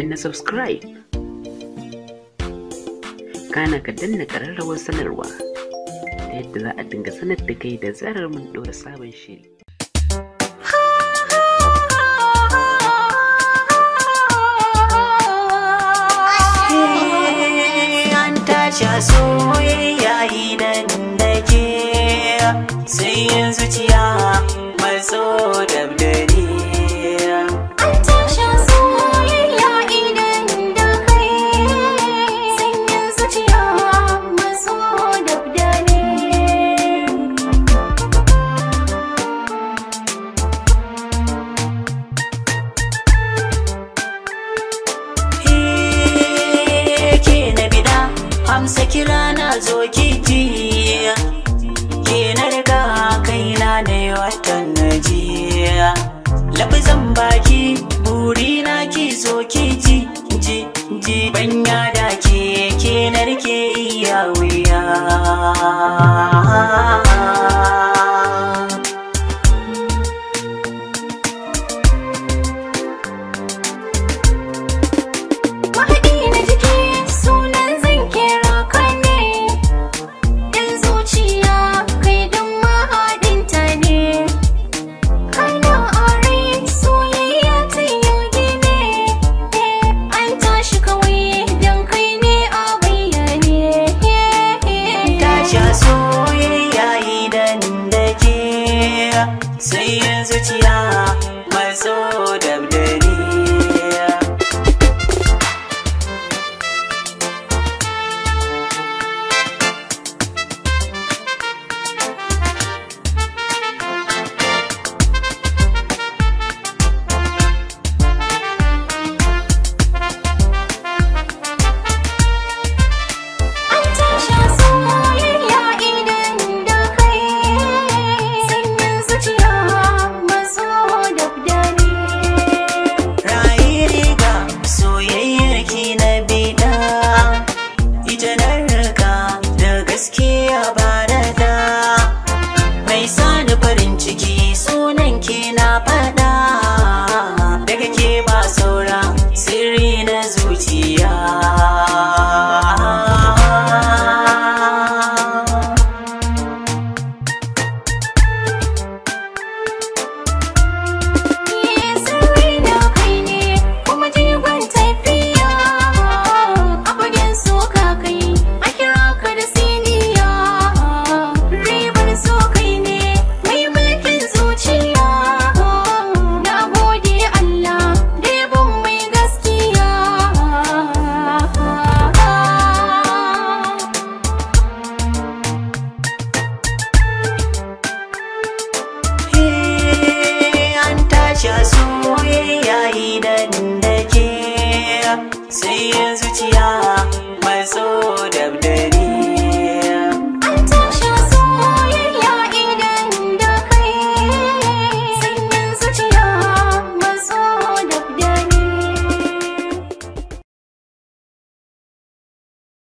danna subscribe kana ka danna ƙararrawar sanarwa ta yadda za a dinga sanar da kai da zarar mun ɗora sabon shiri soyayya idan da ke sai yin zuciya matso da zo kiti ke na riga kaina da watan najiya labzan baki buri na ki zo kiti ji ji banya da ke ke narke iya wuya sai zuciya ba Seja eu